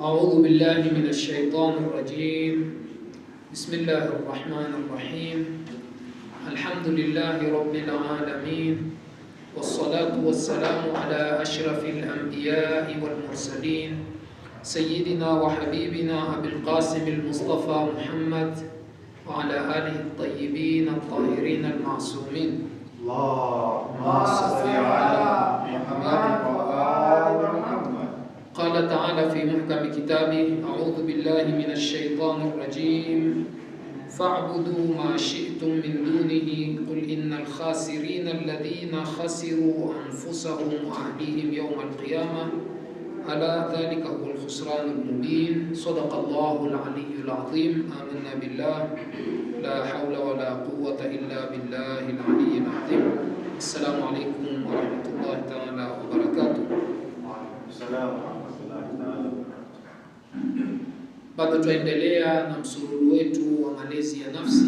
أعوذ بالله من الشيطان الرجيم بسم الله الرحمن الرحيم الحمد لله رب العالمين والصلاة والسلام على أشرف الأنبياء والمرسلين سيدنا وحبيبنا أبي القاسم المصطفى محمد وعلى آله الطيبين الطاهرين المعصومين اللهم صل على محمد وآل تعالى في محكم كتابه أعوذ بالله من الشيطان الرجيم فاعبدوا ما شئتم من دونه قل إن الخاسرين الذين خسروا أنفسهم وأهليهم يوم القيامة ألا ذلك هو الخسران المبين صدق الله العلي العظيم آمنا بالله لا حول ولا قوة إلا بالله العلي العظيم السلام عليكم ورحمة الله تعالى وبركاته Bado twaendelea na msururu wetu wa malezi ya nafsi.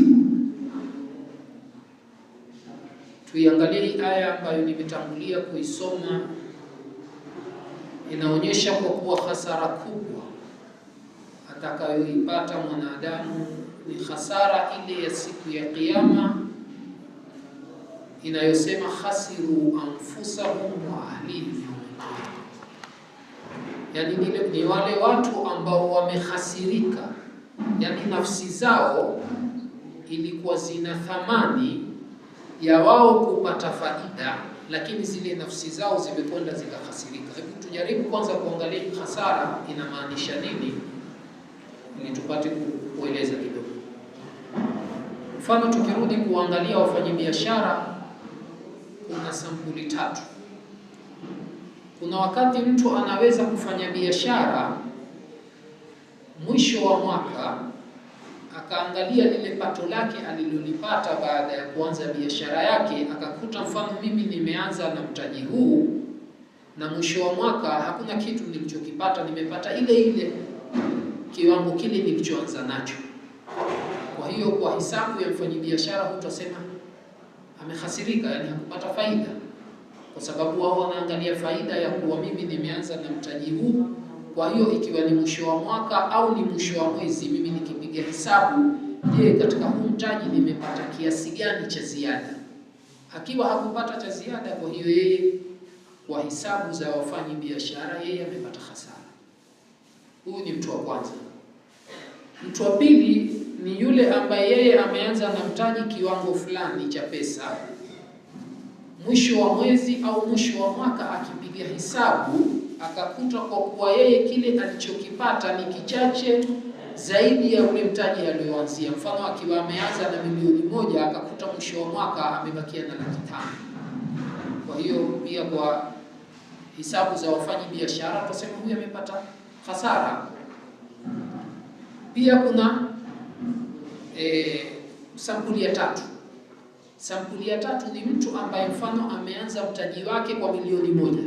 Tuiangalie hii aya ambayo nimetangulia kuisoma, inaonyesha kwa kuwa hasara kubwa atakayoipata mwanadamu ni hasara ile ya siku ya Kiyama inayosema hasiru anfusahum wa ahlihim yani ni wale watu ambao wamehasirika, yani nafsi zao ilikuwa zina thamani ya wao kupata faida, lakini zile nafsi zao zimekwenda zikahasirika. Hebu tujaribu kwanza kuangalia hasara inamaanisha nini, ili tupate kueleza kidogo. Mfano, tukirudi kuangalia wafanyabiashara, kuna sampuli tatu kuna wakati mtu anaweza kufanya biashara mwisho wa mwaka akaangalia lile pato lake alilolipata baada ya kuanza biashara yake, akakuta mfano, mimi nimeanza na mtaji huu na mwisho wa mwaka hakuna kitu nilichokipata, nimepata ile ile kiwango kile nilichoanza nacho. Kwa hiyo kwa hisabu ya mfanyabiashara, utasema amehasirika, yani hakupata faida kwa sababu wao wanaangalia faida ya kuwa mimi nimeanza na mtaji huu, kwa hiyo ikiwa ni mwisho wa mwaka au ni mwisho wa mwezi, mimi nikipiga hesabu, je, katika huu mtaji nimepata kiasi gani cha ziada? Akiwa hakupata cha ziada, kwa hiyo yeye kwa hisabu za wafanyi biashara, yeye amepata hasara. Huyu ni mtu wa kwanza. Mtu wa pili ni yule ambaye yeye ameanza na mtaji kiwango fulani cha pesa mwisho wa mwezi au mwisho wa mwaka akipiga hisabu akakuta kwa kuwa yeye kile alichokipata ni kichache zaidi ya ule mtaji aliyoanzia. Mfano, akiwa ameanza na milioni moja akakuta mwisho wa mwaka amebakia na laki tano. Kwa hiyo pia kwa hisabu za wafanyi biashara tuseme huyu amepata hasara. Pia kuna e, sampuli ya tatu Sampuli ya tatu ni mtu ambaye mfano ameanza mtaji wake kwa milioni moja,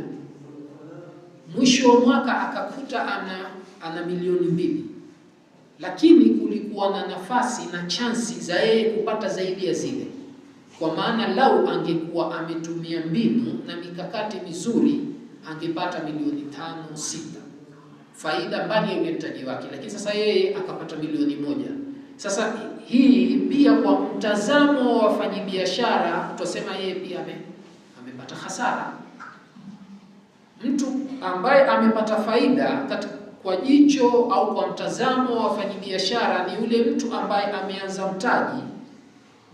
mwisho wa mwaka akakuta ana, ana milioni mbili, lakini kulikuwa na nafasi na chansi za yeye kupata zaidi ya zile, kwa maana lau angekuwa ametumia mbinu na mikakati mizuri angepata milioni tano sita, faida mbali ya ule mtaji wake, lakini sasa yeye akapata milioni moja. Sasa hii pia kwa mtazamo wa wafanyabiashara, tutasema yeye pia ame, amepata hasara. Mtu ambaye amepata faida katika kwa jicho au kwa mtazamo wa wafanyabiashara ni yule mtu ambaye ameanza mtaji,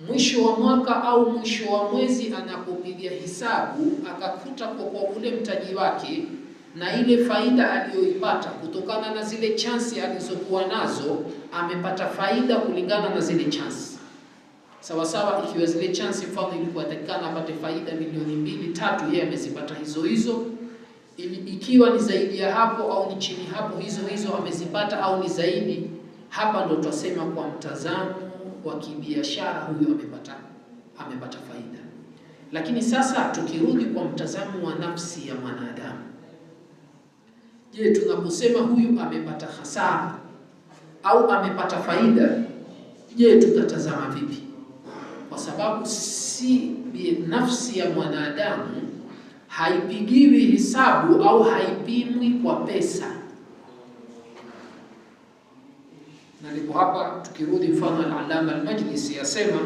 mwisho wa mwaka au mwisho wa mwezi anapopiga hesabu akakuta kwa ule mtaji wake na ile faida aliyoipata kutokana na zile chansi alizokuwa nazo amepata faida kulingana na zile chance sawasawa. Ikiwa zile chance mfadhili ilikuwa atakikana apate faida milioni mbili tatu, yeye amezipata hizo hizo. Ikiwa ni zaidi ya hapo au ni chini hapo, hizo hizo amezipata au ni zaidi. Hapa ndo twasema kwa mtazamo wa kibiashara, huyo amepata amepata faida. Lakini sasa tukirudi kwa mtazamo wa nafsi ya mwanadamu, je, tunaposema huyu amepata hasara au amepata faida, je, tutatazama vipi? Kwa sababu si nafsi ya mwanadamu haipigiwi hesabu au haipimwi kwa pesa. Na ndipo hapa tukirudi mfano al-Allama al-Majlisi yasema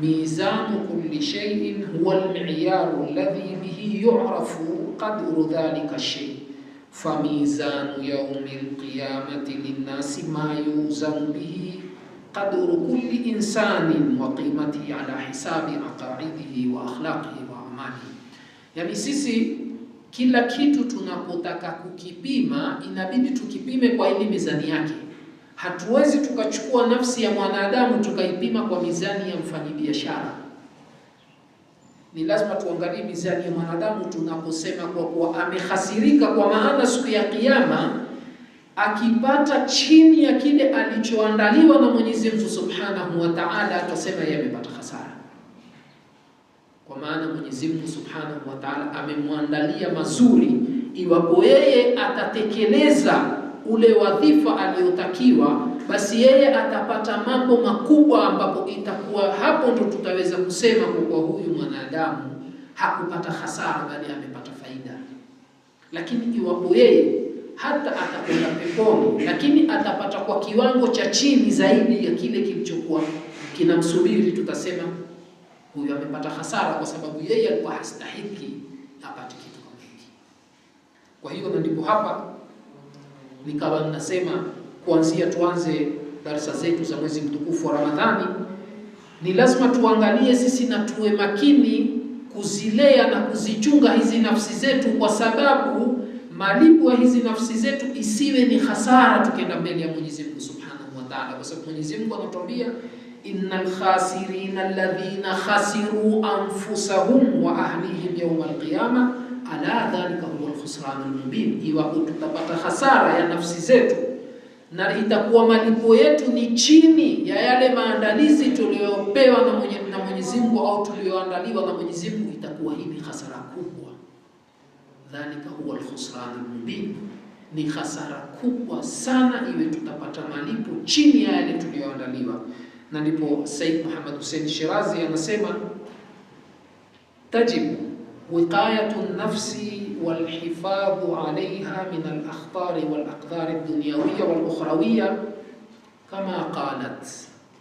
mizanu kulli shay'in huwa al-mi'yaru alladhi bihi yu'rafu qadru dhalika shay famizanu yaumi lqiyamati linnasi ma yuzanu bihi qadru kulli insanin wa qimatihi ala hisabi aqaidihi wa akhlaqihi wa amali Yani sisi kila kitu tunapotaka kukipima inabidi tukipime kwa ile mizani yake. Hatuwezi tukachukua nafsi ya mwanadamu tukaipima kwa mizani ya mfanyibiashara ni lazima tuangalie mizani ya mwanadamu tunaposema, kwa kuwa amehasirika, kwa maana siku ya Kiyama akipata chini ya kile alichoandaliwa na Mwenyezi Mungu Subhanahu wa Ta'ala, atasema yeye amepata hasara, kwa maana Mwenyezi Mungu Subhanahu wa Ta'ala amemwandalia mazuri, iwapo yeye atatekeleza ule wadhifa aliyotakiwa basi yeye atapata mambo makubwa, ambapo itakuwa hapo ndo tutaweza kusema kwa huyu mwanadamu hakupata hasara, bali amepata faida. Lakini iwapo yeye hata atakwenda peponi, lakini atapata kwa kiwango cha chini zaidi ya kile kilichokuwa kinamsubiri, tutasema huyu amepata hasara, kwa sababu yeye alikuwa hastahiki apate kitu kama hiki. Kwa hiyo ndipo hapa nikawa ninasema kuanzia tuanze darasa zetu za mwezi mtukufu wa Ramadhani, ni lazima tuangalie sisi na tuwe makini kuzilea na kuzichunga hizi nafsi zetu, kwa sababu malipo ya hizi nafsi zetu isiwe ni hasara tukienda mbele ya Mwenyezi Mungu Subhanahu wa Ta'ala, kwa sababu Mwenyezi Mungu anatuambia innal khasirina alladhina khasiru anfusahum wa ahlihim yawm alqiyama ala dhalika huwa alkhusran almubin, Iwapo tutapata hasara ya nafsi zetu na itakuwa malipo yetu ni chini ya yale maandalizi tuliyopewa na Mwenyezi na Mwenyezi Mungu au tuliyoandaliwa na Mwenyezi Mungu, itakuwa hivi hasara kubwa. Dhalika huwa alkhusran mubin, ni hasara kubwa sana iwe tutapata malipo chini ya yale tuliyoandaliwa. Na ndipo Said Muhammad Hussein Shirazi anasema tajibu wiqayatu nafsi والحفاظ عليها من الأخطار والأقدار الدنيوية والأخروية كما قالت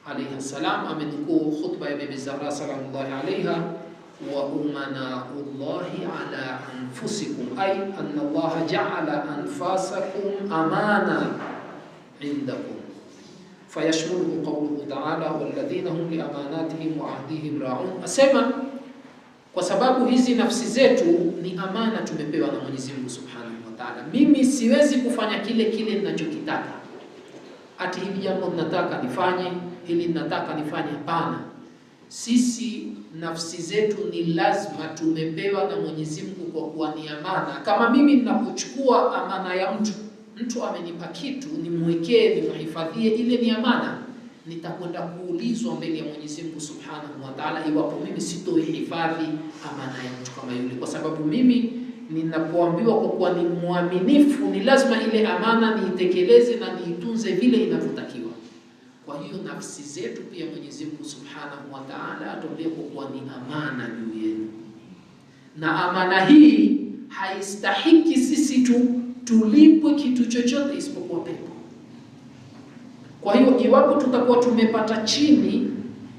عليه السلام أمنكو خطبة أبي الزهراء سلام الله عليها وأمناء الله على أنفسكم أي أن الله جعل أنفاسكم أمانة عندكم فيشمله قوله تعالى والذين هم لأماناتهم وعهدهم راعون أسمى kwa sababu hizi nafsi zetu ni amana tumepewa na Mwenyezi Mungu Subhanahu wa Ta'ala. Mimi siwezi kufanya kile kile ninachokitaka, ati hili jambo ninataka nifanye, hili ninataka nifanye. Hapana, sisi nafsi zetu ni lazima tumepewa na Mwenyezi Mungu kwa kuwa ni amana. Kama mimi ninapochukua amana ya mtu, mtu amenipa kitu, nimwekee, nimhifadhie, ile ni amana nitakwenda kuulizwa mbele ya Mwenyezi Mungu Subhanahu wa Ta'ala iwapo mimi sitoihifadhi amana ya mtu kama yule, kwa sababu mimi ninapoambiwa kwa kuwa ni mwaminifu, ni lazima ile amana niitekeleze na niitunze vile inavyotakiwa. Kwa hiyo nafsi zetu pia Mwenyezi Mungu Subhanahu wa Ta'ala atuambia kwa kuwa ni amana juu yenu, na amana hii haistahiki sisi tu tulipwe kitu chochote isipokuwa pepo. Kwa hiyo iwapo tutakuwa tumepata chini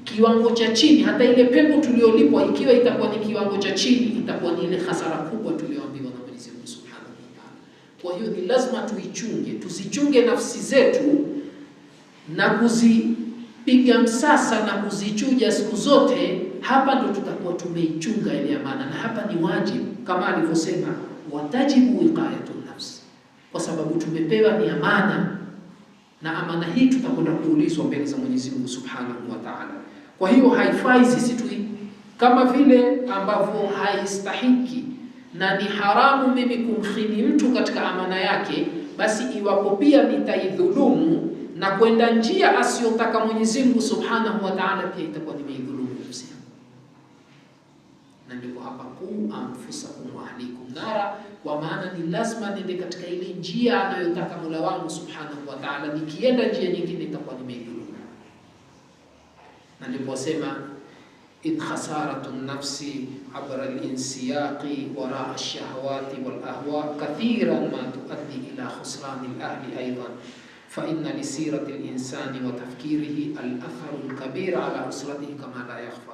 kiwango cha chini, hata ile pepo tuliyolipwa ikiwa itakuwa ni kiwango cha chini, itakuwa ni ile hasara kubwa tuliyoambiwa na Mwenyezi Mungu Subhanahu wa Ta'ala. Kwa hiyo ni lazima tuichunge, tuzichunge nafsi zetu na kuzipiga msasa na kuzichuja siku zote. Hapa ndo tutakuwa tumeichunga ile amana, na hapa ni wajibu kama alivyosema watajibu wiqayatu nafsi, kwa sababu tumepewa ni amana na amana hii tutakwenda kuulizwa mbele za Mwenyezi Mungu Subhanahu wa Ta'ala. Kwa hiyo haifai sisi tu kama vile ambavyo haistahiki na ni haramu mimi kumhini mtu katika amana yake, basi iwapo pia nitaidhulumu na kwenda njia asiyotaka Mwenyezi Mungu Subhanahu wa Ta'ala, pia itakuwa nimeidhulumu. na ndipo hapa qu anfusakum wa ahlikum nara, kwa maana ni lazima niende katika ile njia anayotaka Mola wangu subhanahu wa ta'ala. Nikienda njia nyingine itakuwa nimeidhulumu. Na ndipo sema إذ خسارة النفس عبر الانسياق وراء الشهوات والأهواء كثيرا ما تؤدي إلى خسران الأهل أيضا فإن لسيرة الإنسان وتفكيره الأثر الكبير على أسرته كما لا يخفى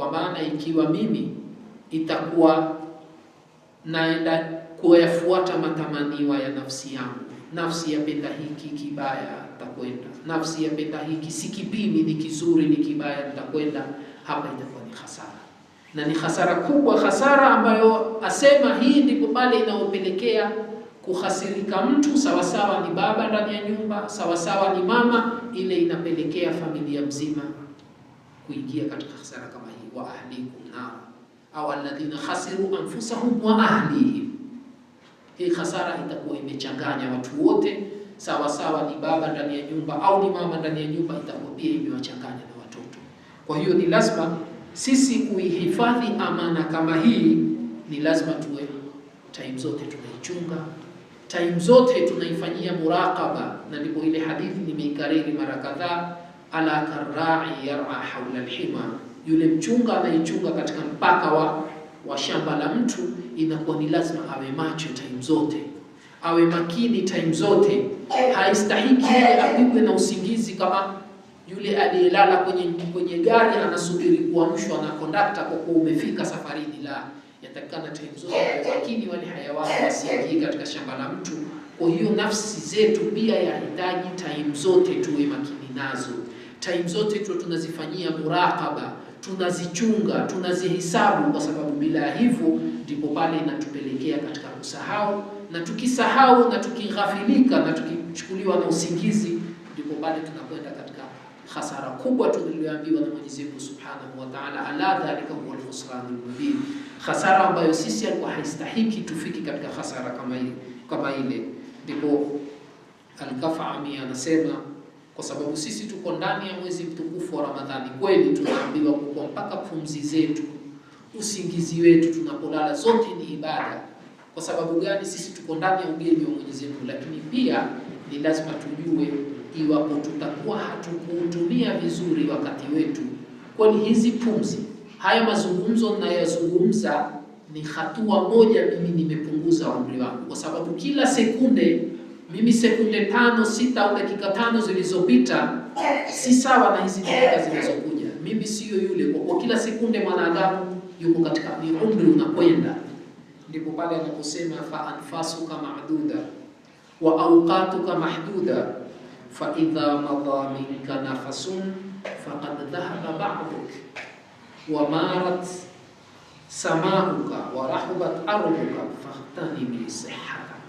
Kwa maana ikiwa mimi itakuwa naenda kuyafuata matamaniwa ya nafsi yangu, nafsi yapenda hiki kibaya, takwenda nafsi yapenda hiki, si kipimi, ni kizuri ni kibaya, nitakwenda hapa, itakuwa ni hasara na ni hasara kubwa, hasara ambayo asema hii ndipo pale inayopelekea kuhasirika mtu. Sawasawa ni baba ndani ya nyumba, sawasawa ni mama, ile inapelekea familia mzima kuingia katika hasara kama hii, wa ahlikum nar au alladhina khasiru anfusahum wa ahlihim. Hii hasara itakuwa imechanganya watu wote sawa sawa, ni baba ndani ya nyumba au ni mama ndani ya nyumba, itakuwa pia imewachanganya na watoto. Kwa hiyo ni lazima sisi kuihifadhi amana kama hii, ni lazima tuwe time zote tunaichunga, time zote tunaifanyia muraqaba, na ndipo ile hadithi nimeikariri mara kadhaa ala karrai yara haula alhima, yule mchunga anayechunga katika mpaka wa, wa shamba la mtu, inakuwa ni lazima awe macho time zote, awe makini time zote. Haistahiki yeye apigwe na usingizi kama yule aliyelala kwenye kwenye gari anasubiri kuamshwa na kondakta kwa kuwa umefika safarini. La, yatakikana time zote awe makini, wale hayawani wasiingie katika shamba la mtu. Kwa hiyo nafsi zetu pia yahitaji time zote tuwe makini nazo time zote tu tunazifanyia muraqaba, tunazichunga, tunazihisabu, kwa sababu bila hivyo ndipo pale inatupelekea katika kusahau, na tukisahau na tukighafilika na tukichukuliwa na usingizi, ndipo pale tunakwenda katika hasara kubwa tuliyoambiwa na Mwenyezi Mungu Subhanahu wa Ta'ala, ala dhalika huwa al al mubin, hasara ambayo sisi alikuwa haistahiki tufiki katika hasara kama ile kama ile. Ndipo Al-Kafami anasema kwa sababu sisi tuko ndani ya mwezi mtukufu wa Ramadhani. Kweli tunaambiwa kuwa mpaka pumzi zetu, usingizi wetu, tunapolala zote ni ibada. Kwa sababu gani? Sisi tuko ndani ya ugeni wa Mwenyezi Mungu, lakini pia ni lazima tujue, iwapo tutakuwa hatukuutumia vizuri wakati wetu, kwani hizi pumzi, haya mazungumzo ninayozungumza ni hatua moja, mimi nimepunguza umri wangu, kwa sababu kila sekunde mimi sekunde tano sita au dakika tano zilizopita si sawa na hizi dakika zilizokuja Mimi siyo yule, kwa kuwa kila sekunde mwanadamu yuko katika ni umri unakwenda. Ndipo pale anaposema fa anfasuka ma'duda wa awqatuka mahduda fa idha madha minka nafasun faqad dhahaba ba'duk wa marat samauka wa rahubat arduka fahtanimi sihhatika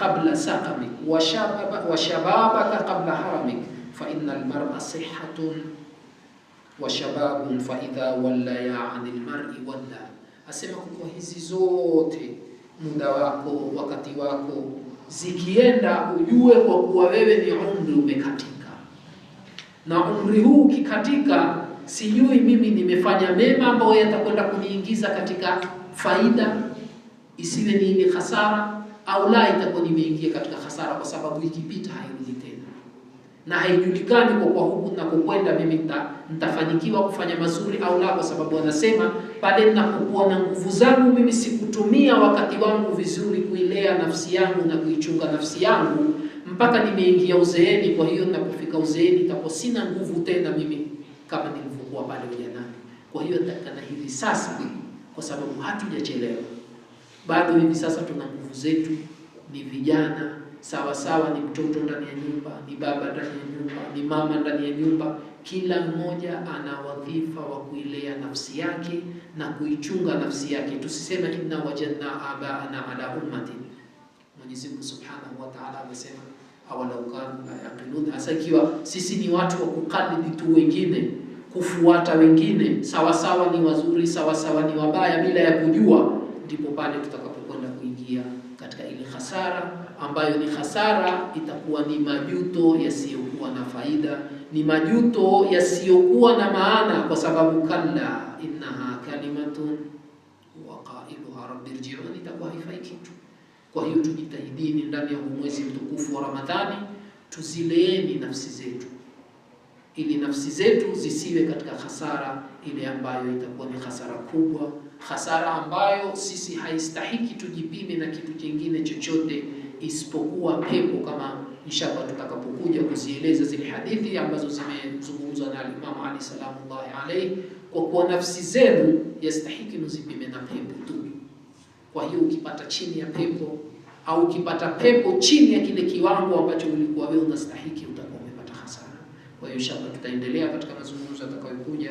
qabla saqamik wa shababaka qabla haramik fa innal mar'a sihhatun wa shababun fa idha walla ya 'anil mar'i walla, asema kwa hizi zote muda wako wakati wako zikienda, ujue kwa kuwa wewe ni umri umekatika, na umri huu ukikatika, sijui mimi nimefanya mema ambayo yatakwenda kuniingiza katika faida, isiwe ni ile hasara au la itakuwa nimeingia katika hasara, kwa sababu ikipita hairudi tena na haijulikani kwa kwa huku ninakokwenda mimi nitafanikiwa kufanya mazuri au la, kwa sababu anasema pale ninapokuwa na nguvu zangu mimi sikutumia wakati wangu vizuri kuilea nafsi yangu na kuichunga nafsi yangu mpaka nimeingia uzeeni. Kwa hiyo ninapofika uzeeni nitakuwa sina nguvu tena mimi kama nilivyokuwa pale ujanani. Kwa hiyo nataka hivi sasa, kwa sababu hatujachelewa bado hivi sasa tuna nguvu zetu, ni vijana sawa sawa, ni mtoto ndani ya nyumba, ni baba ndani ya nyumba, ni mama ndani ya nyumba. Kila mmoja ana wadhifa wa kuilea nafsi yake na kuichunga nafsi yake. Tusiseme inna wajadna abaana ala ummati. Mwenyezi Mungu Subhanahu wa Ta'ala amesema awalau kanu la yaqilun, hasa ikiwa sisi ni watu wa kukalidi tu wengine, kufuata wengine, sawasawa ni wazuri, sawasawa ni wabaya, bila ya kujua ndipo pale tutakapokwenda kuingia katika ile hasara ambayo ni hasara, itakuwa ni majuto yasiyokuwa na faida, ni majuto yasiyokuwa na maana, kwa sababu kalla innaha kalimatun waqailuha rabbirjiun, itakuwa haifai kitu. Kwa hiyo tujitahidini ndani ya mwezi mtukufu wa Ramadhani, tuzileeni nafsi zetu ili nafsi zetu zisiwe katika hasara ile ambayo itakuwa ni hasara kubwa hasara ambayo sisi haistahiki tujipime na kitu kingine chochote isipokuwa pepo, kama inshallah tutakapokuja kuzieleza zile hadithi ambazo zimezungumzwa na Imam Ali salamullahi alayhi. kwa kuwa nafsi zenu yastahiki mzipime na pepo tu. Kwa hiyo ukipata chini ya pepo au ukipata pepo chini ya kile kiwango ambacho ulikuwa wewe unastahiki, utakuwa umepata hasara. Kwa hiyo inshallah tutaendelea katika mazungumzo atakayokuja.